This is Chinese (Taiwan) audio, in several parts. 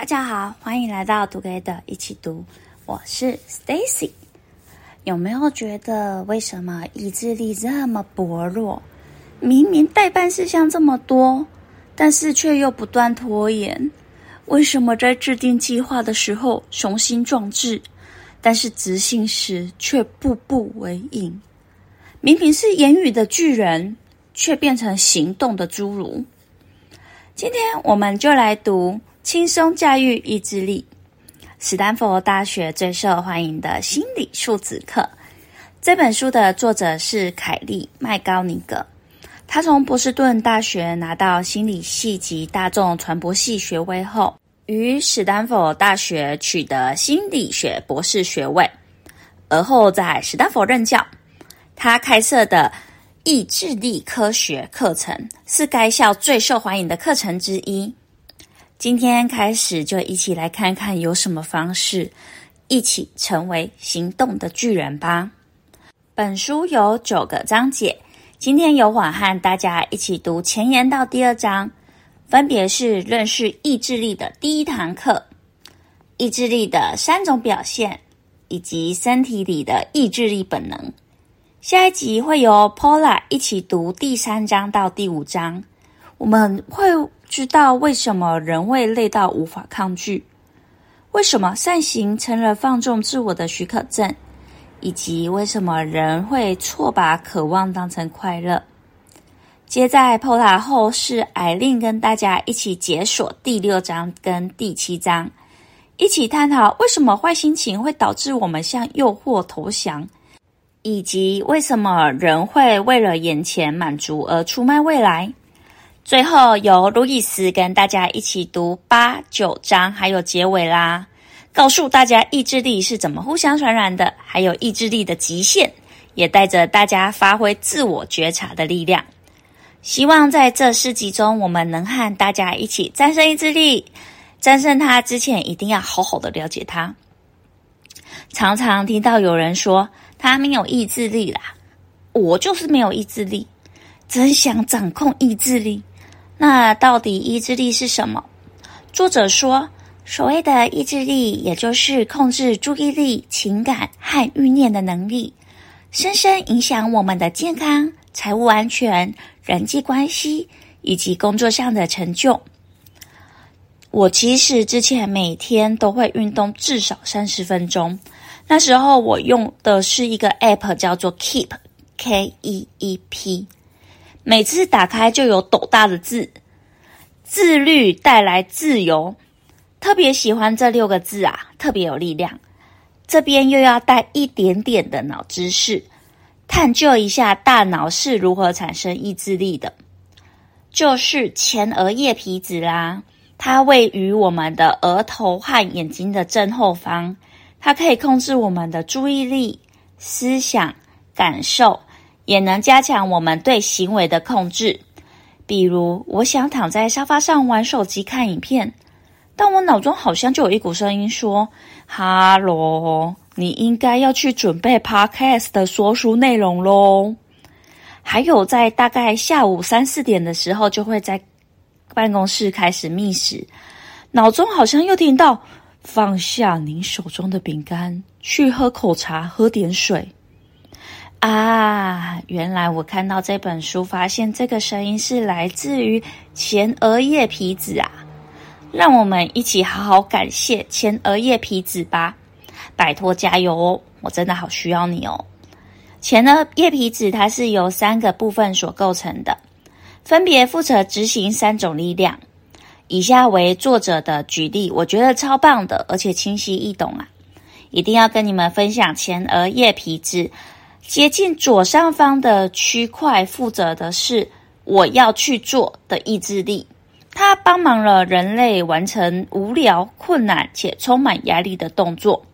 大家好，歡迎來到 Together，一起讀。我是 Stacy。有沒有覺得為什麼意志力這麼薄弱？明明待辦事項這麼多，但是卻又不斷拖延。為什麼在制定計劃的時候雄心壯志，但是執行時卻步步為營？明明是言語的巨人，卻變成行動的侏儒。今天我們就來讀。輕鬆駕馭意志力，史丹佛大學最受歡迎的心理素質課。這本書的作者是凱莉·麥高尼格。他從波士頓大學拿到心理系及大眾傳播系學位後，於史丹佛大學取得心理學博士學位，而後在史丹佛任教。他開設的意志力科學課程是該校最受歡迎的課程之一。今天開始就一起來看看有什麼方式，一起成為行動的巨人吧。本書有九個章節，今天由我和大家一起讀前言到第二章，分別是認識意志力的第一堂課、意志力的三種表現以及身體裡的意志力本能。下一集會由 Paula 一起讀第三章到第五章，我們會知道為什麼人會累到無法抗拒？為什麼善行成了放縱自我的許可證？以及為什麼人會錯把渴望當成快樂？接在 Paula 後是 Aileen，跟大家一起解鎖第六章跟第七章，一起探討為什麼壞心情會導致我們向誘惑投降，以及為什麼人會為了眼前滿足而出賣未來。最後由路易斯跟大家一起讀八九章，還有結尾啦，告訴大家意志力是怎麼互相傳染的，還有意志力的極限，也帶着大家發揮自我覺察的力量。希望在這四集中，我們能和大家一起戰勝意志力。戰勝它之前，一定要好好的了解它。常常聽到有人說他沒有意志力啦，我就是沒有意志力，真想掌控意志力。那到底意志力是什麼？作者說，所謂的意志力，也就是控制注意力、情感和欲念的能力，深深影響我們的健康、財務安全、人際關係以及工作上的成就。我其實之前每天都會運動至少三十分鐘，那時候我用的是一個 App，叫做 Keep，K-E-E-P。每次打開就有斗大的字，自律帶來自由。特別喜歡這六個字啊，特別有力量。這邊又要帶一點點的腦知識，探究一下大腦是如何產生意志力的，就是前額葉皮質啦。它位於我們的額頭和眼睛的正後方，它可以控制我們的注意力、思想、感受。也能加強我們對行為的控制。比如，我想躺在沙發上玩手機看影片，但我腦中好像就有一股聲音說：“哈嘍，你應該要去準備 podcast 的說書內容嘍。”還有，在大概下午三四點的時候，就會在辦公室開始覓食，腦中好像又聽到：“放下您手中的餅乾，去喝口茶，喝點水。”啊！原來我看到這本書，發現這個聲音是來自於前額葉皮質啊！讓我們一起好好感謝前額葉皮質吧！拜託，加油哦！我真的好需要你哦！前額葉皮質它是由三個部分所構成的，分別負責執行三種力量。以下為作者的舉例，我覺得超棒的，而且清晰易懂啊！一定要跟你們分享前額葉皮質接近左上方的區塊負責的是我要去做的意志力，它幫忙了人類完成無聊、困難且充滿壓力的動作，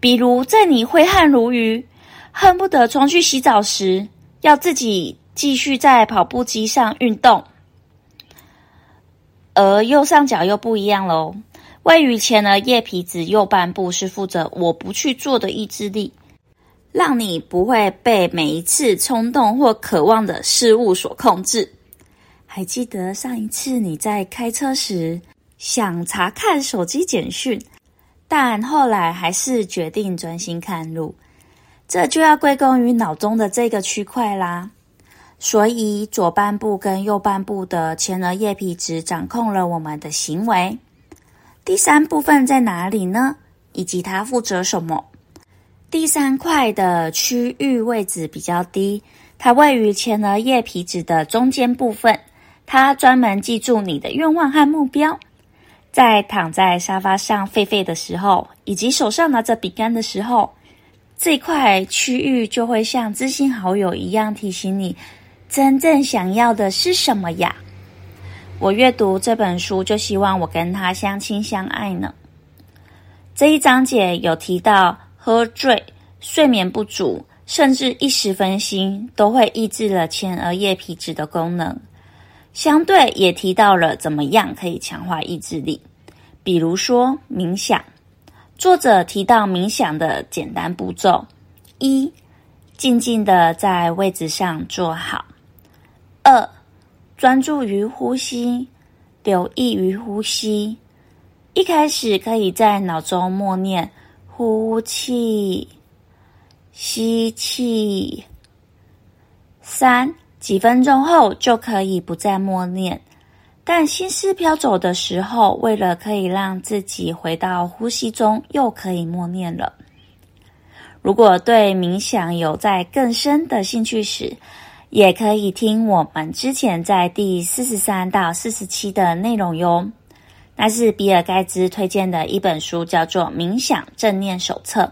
比如在你揮汗如雨、恨不得衝去洗澡時，要自己繼續在跑步機上運動。而右上角又不一樣嘍，位於前額葉皮質右半部是負責我不去做的意志力。讓你不會被每一次衝動或渴望的事物所控制。還記得上一次你在開車時想查看手機簡訊，但後來還是決定專心看路，這就要歸功於腦中的這個區塊啦。所以左半部跟右半部的前額葉皮質掌控了我們的行為。第三部分在哪裡呢？以及它負責什麼？第三塊的區域位置比較低，它位於前額葉皮質的中間部分。它專門記住你的願望和目標。在躺在沙發上廢廢的時候，以及手上拿着餅乾的時候，這塊區域就會像知心好友一樣提醒你，真正想要的是什麼呀？我閱讀這本書，就希望我跟他相親相愛呢。這一章節有提到。喝醉、睡眠不足，甚至一時分心，都會抑制了前額葉皮質的功能。相對也提到了怎麼樣可以強化意志力，比如說冥想。作者提到冥想的簡單步驟：一、靜靜的在位置上坐好；二、專注於呼吸，留意於呼吸。一開始可以在腦中默念。呼氣，吸氣，三幾分鐘後就可以不再默念，但心思飄走的時候，為了可以讓自己回到呼吸中，又可以默念了。如果對冥想有在更深的興趣時，也可以聽我們之前在第四十三到四十七的內容喲。它是比爾蓋茨推薦的一本書，叫做《冥想正念手冊》。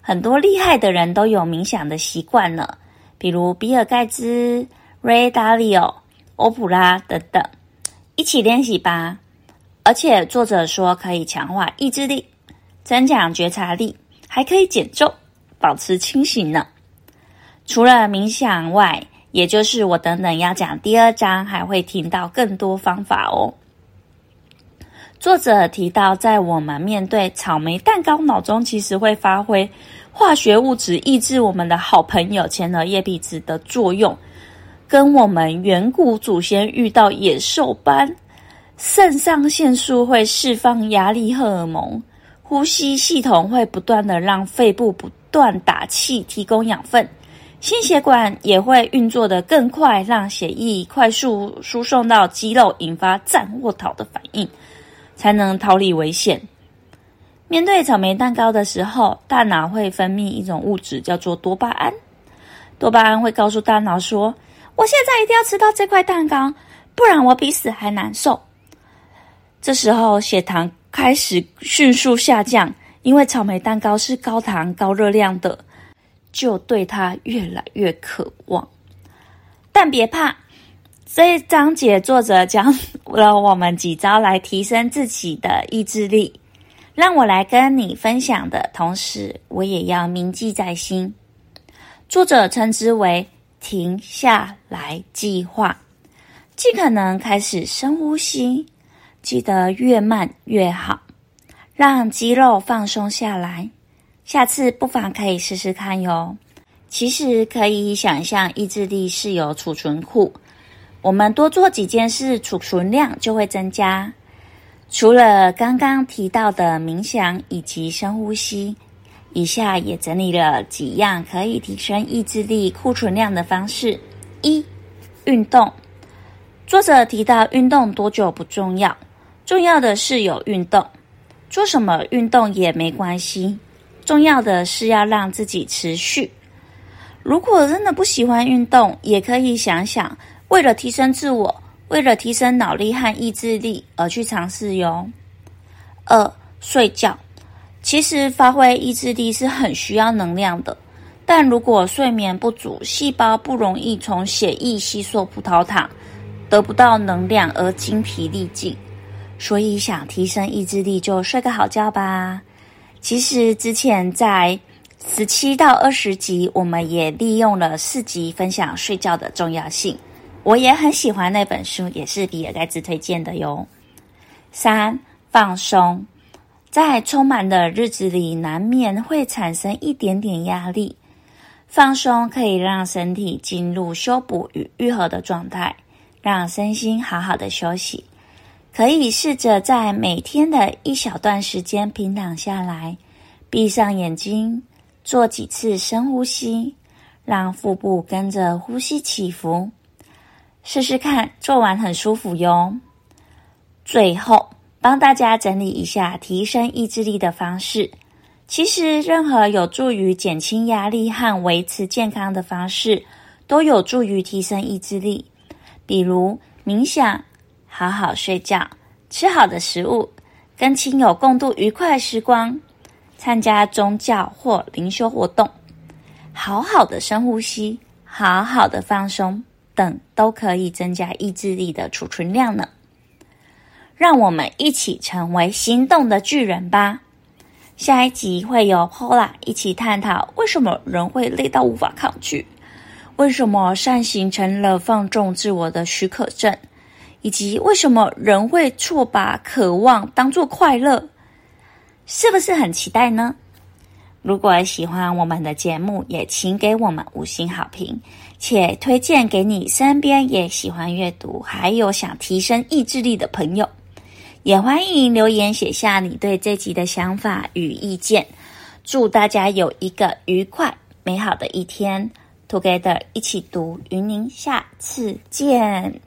很多厲害的人都有冥想的習慣了，比如比爾蓋茨、瑞達利歐、歐普拉等等。一起練習吧！而且作者說可以強化意志力、增強覺察力，還可以減重、保持清醒呢。除了冥想外，也就是我等等要講第二章，還會聽到更多方法哦。作者提到，在我們面對草莓蛋糕，腦中其實會發揮化學物質抑制我們的好朋友前額葉皮質的作用，跟我們遠古祖先遇到野獸般，腎上腺素會釋放壓力荷爾蒙，呼吸系統會不斷地讓肺部不斷打氣提供養分，心血管也會運作得更快，讓血液快速輸送到肌肉，引發戰或逃的反應。才能逃離危險。面對草莓蛋糕的時候，大腦會分泌一種物質，叫做多巴胺。多巴胺會告訴大腦說：“我現在一定要吃到這塊蛋糕，不然我比死還難受。”這時候血糖開始迅速下降，因為草莓蛋糕是高糖高熱量的，就對它越來越渴望。但別怕。這一章節，作者教了我們幾招來提升自己的意志力，讓我來跟你分享的同時，我也要銘記在心。作者稱之為“停下來計劃”，盡可能開始深呼吸，記得越慢越好，讓肌肉放鬆下來。下次不妨可以試試看喲。其實可以想象，意志力是有儲存庫。我們多做幾件事，儲存量就會增加。除了剛剛提到的冥想以及深呼吸，以下也整理了幾樣可以提升意志力庫存量的方式：一、運動。作者提到，運動多久不重要，重要的是有運動。做什麼運動也沒關係，重要的是要讓自己持續。如果真的不喜歡運動，也可以想想。為了提升自我，為了提升腦力和意志力而去嘗試喲。二、睡覺。其實發揮意志力是很需要能量的，但如果睡眠不足，細胞不容易從血液吸收葡萄糖，得不到能量而精疲力盡。所以想提升意志力，就睡個好覺吧。其實之前在十七到二十集，我們也利用了四集分享睡覺的重要性。我也很喜歡那本書，也是比爾蓋茨推薦的喲。三、放鬆，在充滿的日子裡，難免會產生一點點壓力。放鬆可以讓身體進入修補與癒合的狀態，讓身心好好的休息。可以試着在每天的一小段時間平躺下來，閉上眼睛，做幾次深呼吸，讓腹部跟着呼吸起伏。試試看，做完很舒服喲。最後，幫大家整理一下提升意志力的方式。其實，任何有助於減輕壓力和維持健康的方式，都有助於提升意志力。比如，冥想、好好睡覺、吃好的食物、跟親友共度愉快時光、參加宗教或靈修活動、好好的深呼吸、好好的放鬆。等都可以增加意志力的儲存量呢！讓我們一起成為行動的巨人吧！下一集會有 Paula 一起探討為什麼人會累到無法抗拒，為什麼善行成了放縱自我的許可證，以及為什麼人會錯把渴望當作快樂。是不是很期待呢？如果喜歡我們的節目，也請給我們五星好評，且推薦給你身邊也喜歡閱讀、還有想提升意志力的朋友。也歡迎留言寫下你對這集的想法與意見。祝大家有一個愉快美好的一天，Together，一起讀，與您下次見。